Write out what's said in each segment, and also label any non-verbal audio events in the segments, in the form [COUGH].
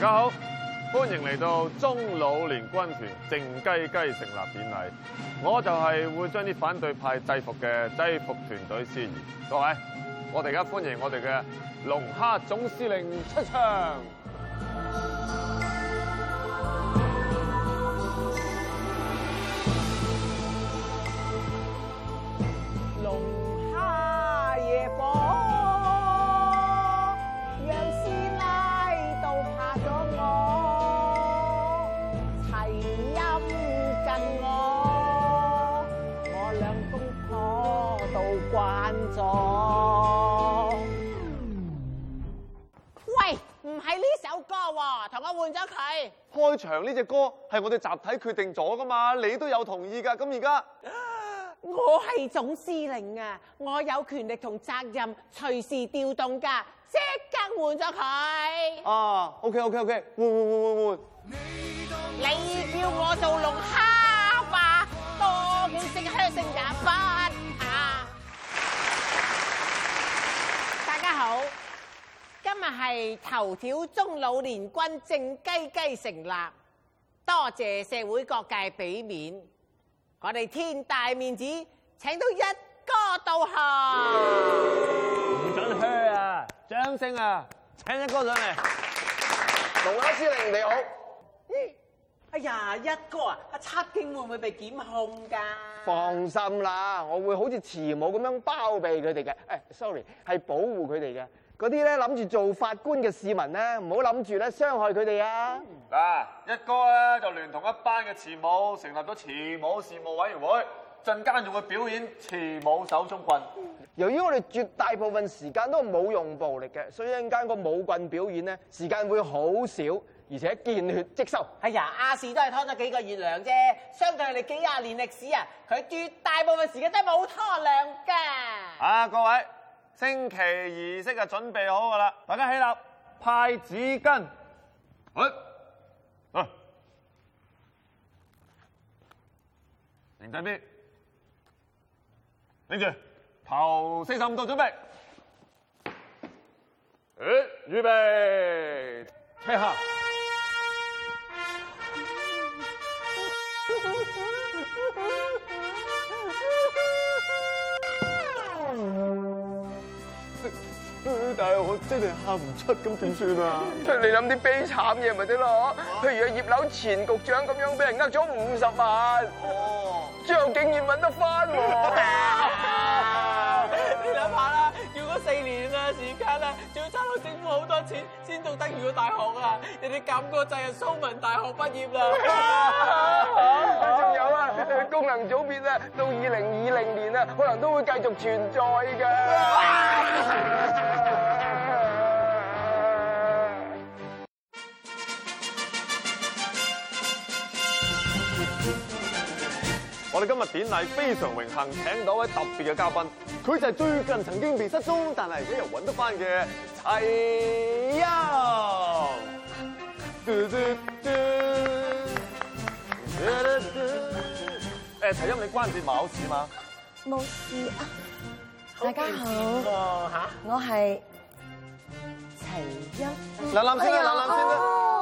大家好，歡迎嚟到中老年軍團靜雞雞成立典禮，我就係會將啲反對派制服嘅制服團隊先。各位，我哋而家歡迎我哋嘅龍蝦總司令出場。換咗佢開場呢隻歌係我哋集體決定咗噶嘛，你都有同意噶，咁而家我係總司令啊，我有權力同責任隨時調動噶，即刻換咗佢啊。OK OK OK，換換換換換，你叫我做龍蝦。係頭條中老年軍正雞雞成立，多謝社會各界俾面，我哋天大面子請到一哥到客，唔准噓啊，掌聲啊，請一哥上嚟。龍蝦司令你好，咦、嗯，哎呀一哥啊，阿齊蔭會唔會被檢控噶？放心啦，我會好似慈母咁樣包庇佢哋嘅，誒、哎，sorry，係保護佢哋嘅。嗰啲咧諗住做法官嘅市民咧，唔好諗住咧傷害佢哋啊！嗱、嗯，一哥咧、啊、就聯同一班嘅慈母，成立咗慈母事務委員會，陣間仲會表演慈母手中棍。由於我哋絕大部分時間都冇用暴力嘅，所以一陣間個武棍表演咧時間會好少，而且見血即收。哎呀，亞視都係拖咗幾個月糧啫，相對佢哋幾廿年歷史啊，佢絕大部分時間都係冇拖糧㗎。啊，各位！升旗儀式就準備好㗎喇，大家起立，派紙巾。去、欸，啊、欸，認真啲，拎住著，頭四十五度準備。誒、欸，預備，退下。但係我真係喊唔出，咁點算啊？即係 [LAUGHS] 你諗啲悲慘嘢咪得咯？譬如阿葉劉前局長咁樣，俾人呃咗五十萬，最後竟然揾得翻喎！ [LAUGHS] 你諗下啦，要嗰四年啊時間啊，仲要差到政府好多錢，先到得入咗大學啊！人哋感覺就係蘇文大學畢業啦！啊 [LAUGHS] 有！仲有啊，功能組別啊，到二零二零年啊，可能都會繼續存在㗎。 [LAUGHS] 我今日典禮，非常榮幸請到一位特別嘅嘉賓，佢就係最近曾經被失蹤，但係而家又揾得翻嘅齊蔭。誒，齊蔭，你關節冇事嘛？冇事啊，大家好，我係齊蔭。冷冷先。啊，冷冷先啊！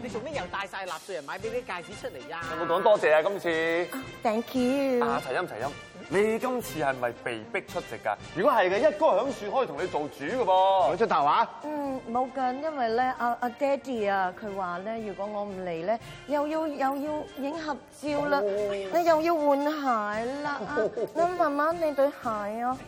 你做咩又帶晒納稅人買俾啲戒指出嚟？有冇講多謝啊，今次。Thank you。啊，齊音齊音，你今次係咪被逼出席㗎？如果係嘅，一哥響樹可以同你做主嘅噃。你出頭話、啊？嗯，冇㗎，因為咧，阿阿爹哋啊，佢話咧，如果我唔嚟咧，又要又要影合照啦，oh, yeah. 你又要換鞋啦，阿媽媽你對鞋啊。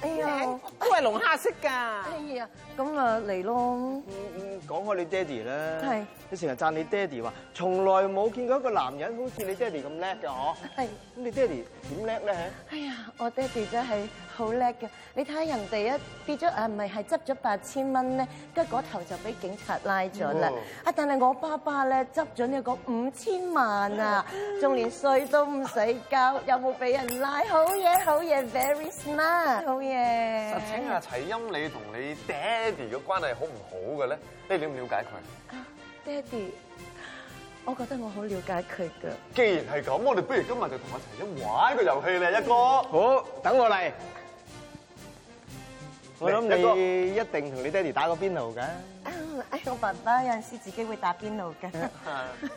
哎呀，都係龍蝦色噶。哎呀，咁啊嚟咯。嗯嗯，講開你爹哋啦。係。你成日贊你爹哋話，從來冇見過一個男人好似你爹哋咁叻嘅嗬。係。咁你爹哋點叻咧？哎呀，我爹哋真係好叻嘅。你睇下人哋一跌咗啊，唔係係執咗八千蚊咧，跟住嗰頭就俾警察拉咗啦。啊，但係我爸爸咧，執咗呢個五千萬啊，仲連稅都唔使交，又冇俾人拉。好嘢，好嘢，very smart。Yeah. 實情阿齊蔭，你同你爹哋嘅關係好唔好嘅咧？你了唔了解佢？爹哋，我覺得我好了解佢噶。既然係咁，我哋不如今日就同阿齊蔭玩個遊戲咧，一哥。 [MUSIC] 好，等我嚟。我諗你一定同你爹哋打過邊爐嘅。我爸爸有陣時自己會打邊爐嘅。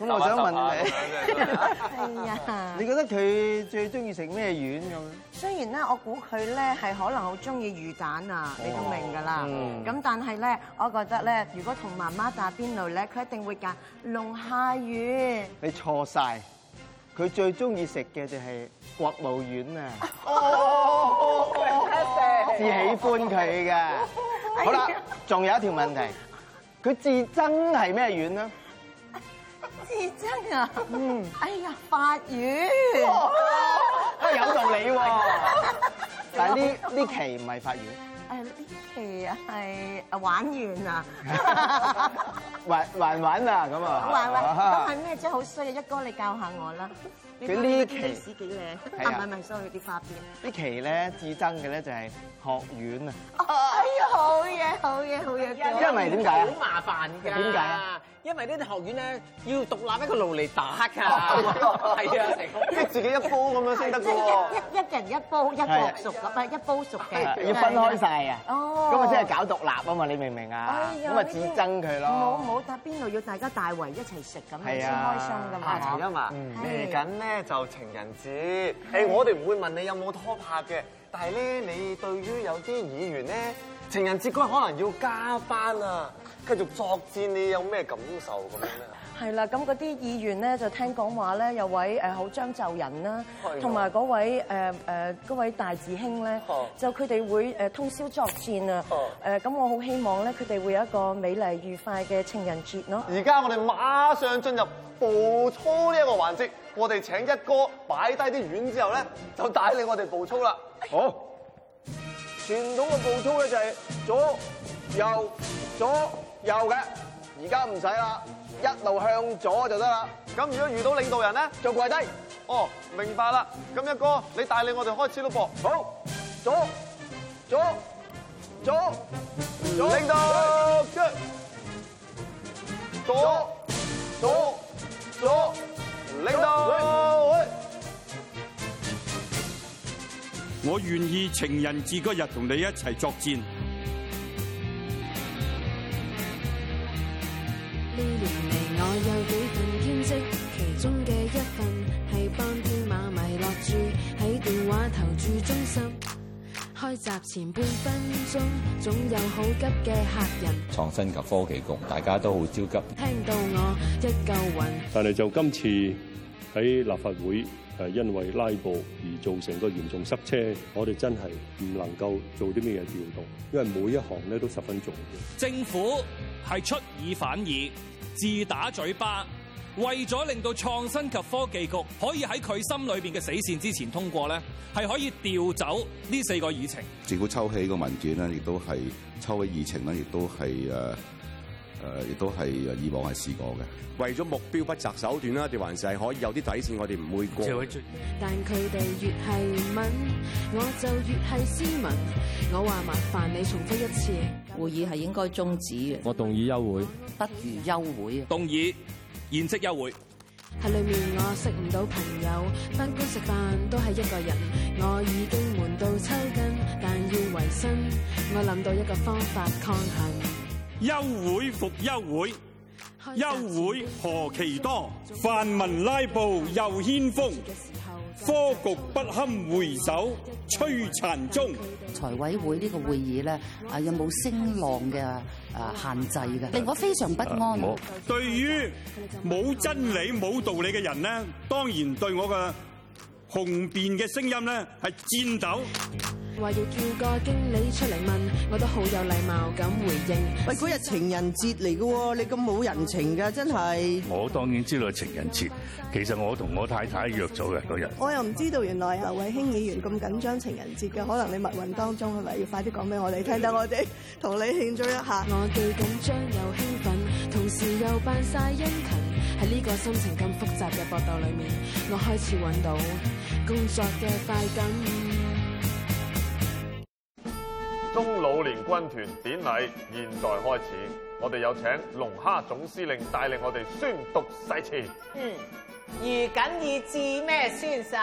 咁我想問你，係啊、 [LAUGHS] 嗯？呀你覺得佢最中意食咩丸咁？雖然咧，我估佢咧係可能好中意魚蛋啊，你都明㗎啦。咁、oh。但係咧，我覺得咧，如果同媽媽打邊爐咧，佢一定會揀龍蝦丸。你錯晒。佢最中意食嘅就係國務丸啊！哦，食。最喜歡佢嘅，哎、呀好啦了，仲有一條問題，佢自憎係咩院？呢？自憎啊，嗯，哎呀，法院，哦、啊有道理喎，哎、呀但係呢呢期唔係法院。係，係玩完啊！玩玩玩啊！咁啊，玩玩都係咩啫？好衰嘅！一哥，你教下我啦。佢呢期，啊唔係唔係，所有啲花邊。呢期咧，至憎嘅咧就係學院啊！哎呀，好嘢好嘢好嘢！因為點解啊？好麻煩㗎！點解啊？因為呢啲學院咧要獨立一個爐嚟打㗎，係啊，逼自己一煲咁樣先得嘅喎，一一人一煲，一煲熟咁啊，一煲熟嘅，要分開晒啊，咁啊即係搞獨立啊嘛，你明唔明啊？咁啊自憎佢咯，冇冇，但邊度要大家大圍一齊食咁先開心㗎嘛。陳茵啊，嚟緊咧就情人節，誒我哋唔會問你有冇拖拍嘅，但係咧你對於有啲議員咧情人節嗰日可能要加班啊，繼續作戰，你有咩感受咁樣咧？係啦，咁嗰啲議員咧就聽講話咧，的有位誒好張就人啦，同埋嗰位誒誒位大志兄咧，啊、就佢哋會誒通宵作戰啊！誒咁、呃，我好希望咧，佢哋會有一個美麗愉快嘅情人節咯。而家我哋馬上進入步操呢一個環節，我哋請一哥擺低啲丸之後咧，就帶領我哋步操啦。好、哎呀哦，傳統嘅步操咧就係左右左。右左有嘅，而家唔使啦，一路向左就得啦。咁如果遇到領導人咧，就跪低。哦，明白啦。咁一哥，你帶領我哋開始咯噃。好，左左左左，領導，左左左，領導。我願意情人節嗰日同你一齊作戰。前半分鐘總有好急嘅客人，創新及科技局大家都好焦急。聽到我一嚿雲，但係就今次喺立法會係因為拉布而造成個嚴重塞車，我哋真係唔能夠做啲咩嘢調動，因為每一行咧都十分重要。政府係出爾反爾，自打嘴巴。為咗令到創新及科技局可以喺佢心裏邊嘅死線之前通過咧，係可以調走呢四個議程。政府抽起個文件咧，亦都係抽起議程咧，亦都係誒誒，亦都係以往係試過嘅。為咗目標不擇手段啦，但還是係可以有啲底線，我哋唔會過。但佢哋越係問，我就越係斯文。我話麻煩你重複一次，會議係應該終止嘅。我動議休會，不如休會啊！動議。現職優會喺裏面，我識唔到朋友，翻工食飯都係一個人，我已經悶到抽筋，但要維生，我諗到一個方法抗衡。優會復優會，優會，會，會何其多，泛民拉布又掀風。科局不堪回首，摧殘中。財委會呢個會議咧，啊有冇聲浪嘅啊限制嘅？令我非常不安。嗯嗯嗯嗯、對於冇真理、冇道理嘅人咧，當然對我嘅紅辯嘅聲音咧係戰鬥。話要叫個經理出嚟問，我都好有禮貌咁回應。喂，嗰日情人節嚟噶，你咁冇人情噶，真係。我當然知道係情人節，其實我同我太太約咗嘅嗰日。我又唔知道原來劉偉興議員咁緊張情人節嘅，可能你密運當中係咪要快啲講俾我哋聽到我哋？等我哋同你慶祝一下。我既緊張又興奮，同時又扮晒殷勤，喺呢個心情咁複雜嘅搏鬥裏面，我開始搵到工作嘅快感。中老年軍團典禮現在開始，我哋有請龍蝦總司令帶領我哋宣讀誓詞。嗯，如謹以至咩宣誓？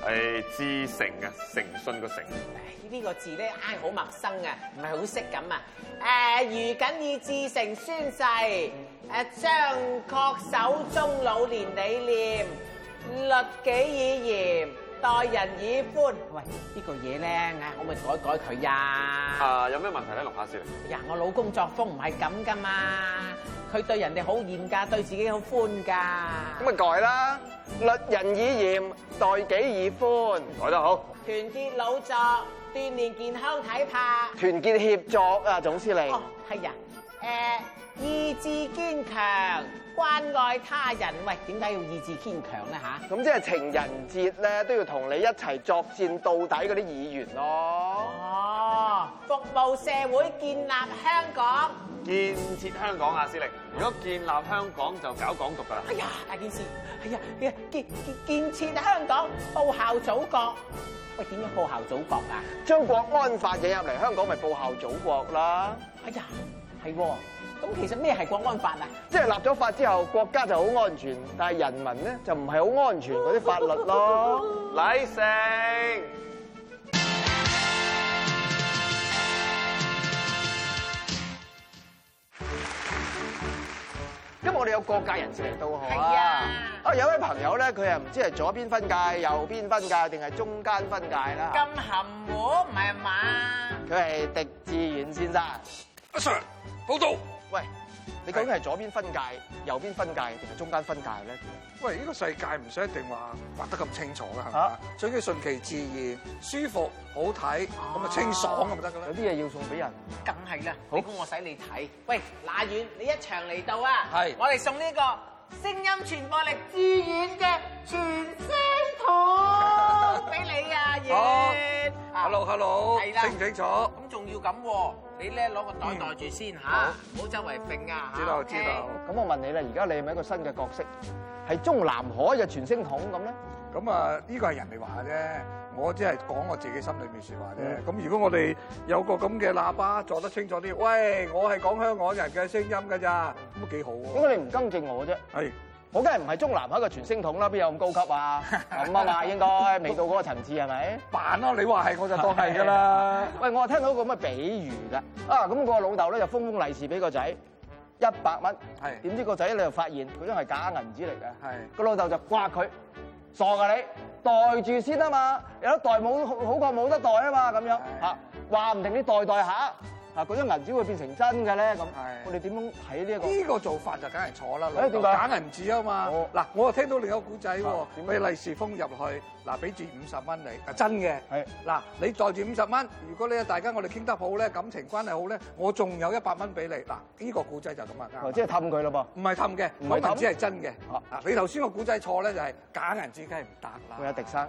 係至誠嘅誠信個誠。呢、哎這個字咧，啱、哎、好陌生啊，唔係好識咁啊！誒，如謹以至誠宣誓，誒，將恪守中老年理念，律己以嚴。待人以寬，喂，這個、呢個嘢咧，我咪改改佢呀。啊、呃，有咩問題咧？錄下先。呀、哎，我老公作風唔係咁噶嘛，佢對人哋好嚴格，對自己好寬噶。咁咪改啦，律人以嚴，待己以寬，改得好。團結老作，鍛鍊健康體魄。團結協作啊，總司令哦，係人，誒、呃，意志堅強。關愛他人，喂，點解要意志堅強咧？吓，咁即係情人節咧都要同你一齊作戰到底嗰啲議員咯。哦，服務社會，建立香港，建設香港啊，司令，如果建立香港就搞港獨噶啦！哎呀，大件事！哎呀，建建建設香港，報效祖國。喂，點樣報效祖國啊？將國安法引入嚟，香港咪報效祖國啦！哎呀！係咁，其實咩係國安法啊？即係立咗法之後，國家就好安全，但係人民咧就唔係好安全嗰啲法律咯。 [LAUGHS] 禮成。 [MUSIC] 今日我哋有各界人士嚟到好，啊！啊有位朋友咧，佢啊唔知係左邊分界、右邊分界定係中間分界啦。咁含糊唔係嘛？佢係狄志遠先生。阿 Sir。 [MUSIC] 報道，喂，你究竟係左邊分界、是右邊分界定係中間分界咧？喂，呢、這個世界唔使一定話畫得咁清楚啦，係嘛？啊、最緊要順其自然、舒服、好睇，咁啊清爽咁咪得㗎啦。有啲嘢要送俾人，梗係啦。好，咁我使你睇，喂，那遠，你一場嚟到啊！係是，我哋送呢個聲音傳播力致遠嘅傳聲筒。俾你啊，嘢！Hello，Hello，清唔清楚？咁仲要咁喎？你咧攞個袋袋住先吓，唔好周圍揈啊！知道，知道。咁我問你喇，而家你係咪一個新嘅角色，係中南海嘅傳聲筒咁咧？咁啊，呢個係人哋話嘅啫，我只係講我自己心裏面說話啫。咁如果我哋有個咁嘅喇叭，做得清楚啲，喂，我係講香港人嘅聲音噶咋，咁都幾好。因為你唔跟正我啫。係。好，梗係唔係中南海嘅傳聲筒啦，邊有咁高級啊？咁啊嘛，應該未到嗰個層次係咪？扮咯、啊，你話係我就當係㗎啦。喂，我話聽到個乜比喻㗎？啊，咁、那個老豆咧就封封利是俾的個仔一百蚊，點知個仔咧就發現佢都係假銀紙嚟嘅。個的老豆就話佢傻㗎你，袋住先啊嘛，有得袋冇好過冇得袋啊嘛，咁樣嚇，話唔的定你袋袋下。啊啊！嗰張銀紙會變成真嘅咧，咁我哋點樣睇呢一個？呢個做法就梗係錯啦，攞、啊、假銀紙唔啊嘛。嗱好、啊，我又聽到你有古仔喎，咪利是封入去，嗱俾住五十蚊你，係、啊啊、真嘅。嗱是、啊，你袋住五十蚊，如果你大家我哋傾得好咧，感情關係好咧，我仲有一百蚊俾你。嗱、啊，呢、這個古仔就咁啊，即係氹佢咯噃。唔係氹嘅，唔係銀紙係真嘅。啊、你頭先個古仔錯咧，就係、是、假銀紙梗係唔得啦。阿、啊、迪生。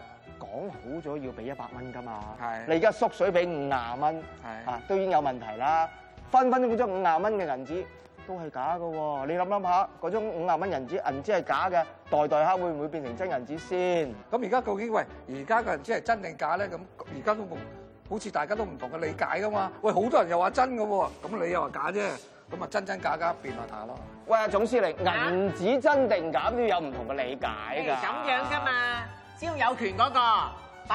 講好咗要俾一百蚊噶嘛，你而家縮水俾五廿蚊，嚇都已經有問題啦。分分鐘張五廿蚊嘅銀紙都係假嘅喎。你諗諗下，嗰張五廿蚊銀紙，銀紙係假嘅，代代下會唔會變成真銀紙先？咁而家究竟喂，而家嘅銀紙係真定假咧？咁而家都唔好似大家都唔同嘅理解噶嘛？喂，好多人又話真嘅喎，咁你又話假啫？咁啊，真真假假變下睇下咯。喂，總司令，銀紙真定假都要有唔同嘅理解㗎。係咁樣㗎嘛？只要有權嗰個，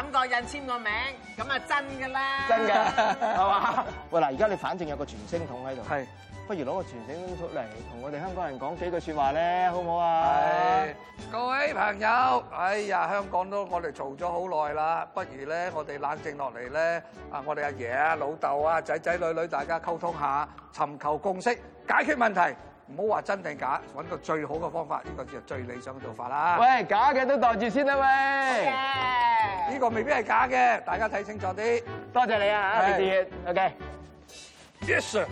揼個印簽個名，咁啊真噶啦！真嘅，係嘛？喂嗱，而家你反正有個傳聲筒喺度，係，不如攞個傳聲筒出嚟，同我哋香港人講幾句説話咧，好唔好啊？各位朋友，哎呀，香港都我哋嘈咗好耐啦，不如咧我哋冷靜落嚟咧，啊我哋阿爺啊、老豆啊、仔仔女女大家溝通下，尋求共識，解決問題。唔好話真定假，揾個最好嘅方法，呢個就最理想嘅做法啦。喂，假嘅都袋住先啦，喂。呢個未必係假嘅，大家睇清楚啲。多謝你啊，阿烈烈。OK。Okay. Yes, sir！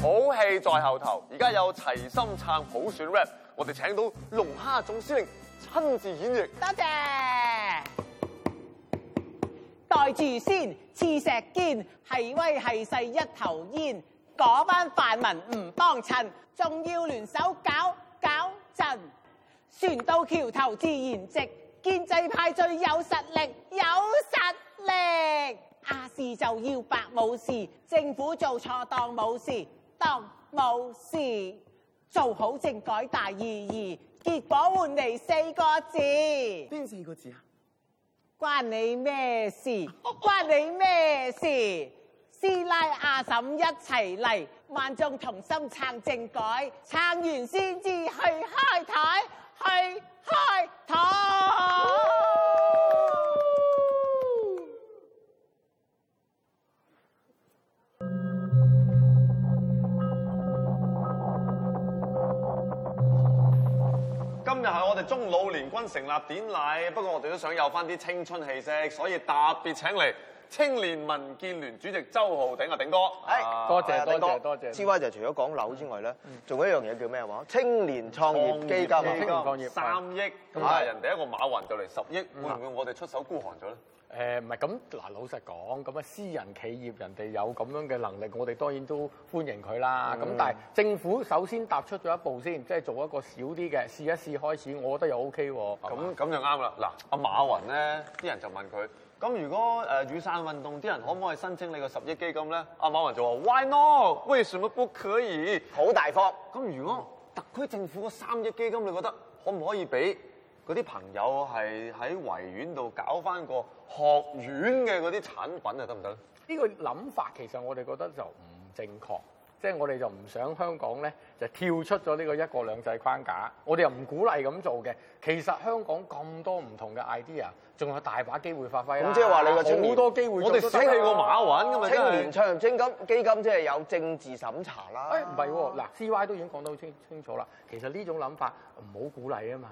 好戲在後頭，而家有齊心撐普選 rap，我哋請到龍蝦總司令親自演繹。多謝。愛住先，刺石堅，係威係勢一頭煙。嗰班泛民唔幫襯，仲要聯手搞搞震。船到橋頭自然直，建制派最有實力，有實力。亞視就要白武士，政府做錯當冇事，當冇事。做好政改大意義，結果換嚟四個字。邊四個字啊？關你咩事？關你咩事？師奶阿嬸一齊嚟，萬眾同心撐政改，撐完先至去開台，去開台。今日係我哋中老年軍成立典禮，不過我哋都想有翻啲青春氣息，所以特別請嚟青年民建聯主席周浩鼎啊鼎哥多，多謝多謝。之威就除咗講樓之外咧，仲、嗯、有一樣嘢叫咩話？青年創業基金三億，吓人哋一個馬雲就嚟十億，億嗯、會唔會我哋出手孤寒咗咧？誒唔係咁嗱，老實講咁啊，私人企業人哋有咁樣嘅能力，我哋當然都歡迎佢啦。咁、嗯、但係政府首先踏出咗一步先，即係做一個少啲嘅試一試開始，我覺得又 OK 喎。咁咁就啱啦。嗱，阿馬雲咧，啲人就問佢：咁如果誒雨傘運動啲人可唔可以申請你個十億基金咧？阿馬雲就話：Why not？Why not 為什麼不可以？好大方。咁、嗯、如果特區政府個三億基金，你覺得可唔可以俾？嗰啲朋友係喺維園度搞返個學院嘅嗰啲產品啊，得唔得咧？呢個諗法其實我哋覺得就唔正確。即係我哋就唔想香港咧，就跳出咗呢個一國兩制框架。我哋又唔鼓勵咁做嘅。其實香港咁多唔同嘅 idea，仲有大把機會發揮。咁即係話你好多青年，機會我哋犀利過馬雲噶嘛？青年創業基金基金即係有政治審查啦。唉，唔係喎，嗱，啊啊啊，CY 都已經講得好清清楚啦。其實呢種諗法唔好鼓勵啊嘛。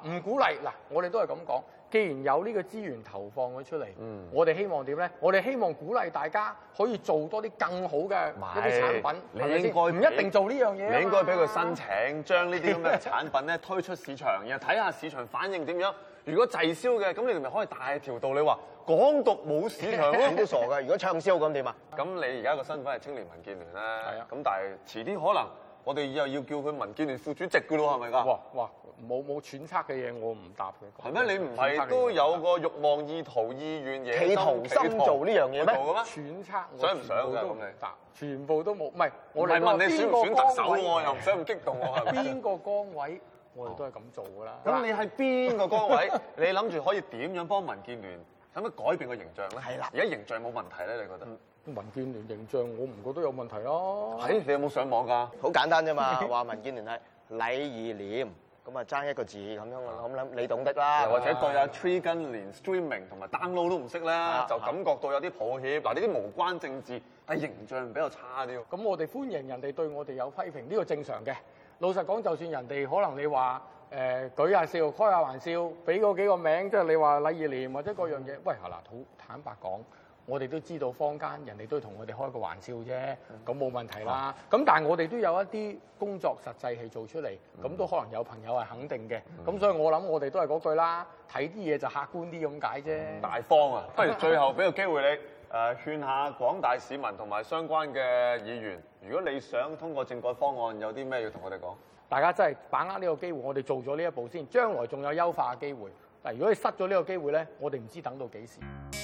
嗱，唔鼓勵嗱，我哋都係咁講。既然有呢個資源投放咗出嚟、嗯，我哋希望點咧？我哋希望鼓勵大家可以做多啲更好嘅一啲產品，唔是一定做呢樣嘢。你應該俾佢申請，將呢啲咁嘅產品咧推出市場，然後睇下市場反應點樣。如果滯銷嘅，咁你咪可，可以大條道理話港獨冇市場咯，都傻噶。如果暢銷咁點啊？咁 [LAUGHS] 你而家個身份係青年民建聯啦，咁、 [LAUGHS] 啊、但係遲啲可能。我哋以後要叫佢民建聯副主席噶咯，係咪噶？哇哇，冇冇揣測嘅嘢，我唔答嘅。係咩？你唔係都有個欲望、意圖、意願嘢，企圖心做呢樣嘢咩？揣測想唔想咁嚟答，全部都冇，唔係我嚟問你選唔選特首又唔使咁激動？邊個崗位我哋都係咁做㗎啦。咁你係邊個崗位？你諗住可以點樣幫民建聯使唔使改變個形象咧？係啦，而家形象冇問題咧，你覺得？民建聯形象我唔覺得有問題咯。係、啊、你有冇上網㗎、啊？好簡單啫嘛，話民建聯係禮義廉，咁啊爭一個字咁樣啦。咁樣你懂得啦。又吧或者對啊，tree 跟連 streaming 同埋 download 都唔識啦，就感覺到有啲抱歉。嗱是，呢啲無關政治，係形象比較差啲。咁我哋歡迎人哋對我哋有批評，呢、這個正常嘅。老實講，就算人哋可能你話誒、呃、舉下笑、開下玩笑，俾嗰幾個名，即係你話禮義廉或者嗰樣嘢，嗯、喂，嗱，好坦白講。我哋都知道坊間，人哋都同我哋開個玩笑啫，咁冇問題啦。咁但係我哋都有一啲工作實際係做出嚟，咁都可能有朋友係肯定嘅。咁所以我諗我哋都係嗰句啦，睇啲嘢就客觀啲咁解啫。大方啊！不如最後俾個機會你誒、呃、勸下廣大市民同埋相關嘅議員，如果你想通過政改方案，有啲咩要同我哋講？大家真係把握呢個機會，我哋做咗呢一步先，將來仲有優化嘅機會。但係如果你失咗呢個機會咧，我哋唔知等到幾時。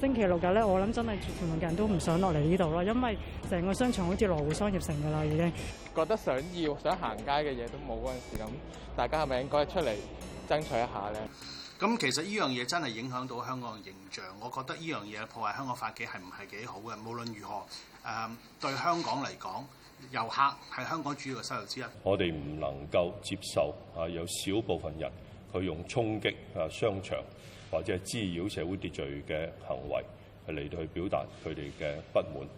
星期六日咧，我諗真係全部人都唔想落嚟呢度啦，因為成個商場好似羅湖商業城㗎啦，已經覺得想要想行街嘅嘢都冇嗰陣時咁，大家係咪應該出嚟爭取一下咧？咁其實呢樣嘢真係影響到香港嘅形象，我覺得呢樣嘢破壞香港發展係唔係幾好嘅？無論如何，誒對香港嚟講，遊客係香港主要嘅收入之一，我哋唔能夠接受啊有少部分人去用衝擊啊商場。或者係滋擾社會秩序嘅行為，係嚟到去表達佢哋嘅不滿。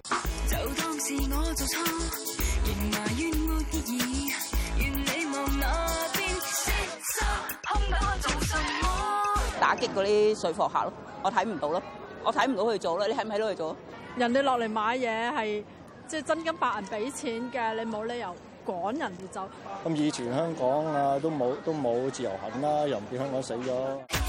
打擊嗰啲水貨客咯，我睇唔到咯，我睇唔到佢做咯，你喺唔喺度做？人哋落嚟買嘢係即係真金白銀俾錢嘅，你冇理由趕人哋走。咁以前香港啊，都冇都冇自由行啦，又唔見香港死咗。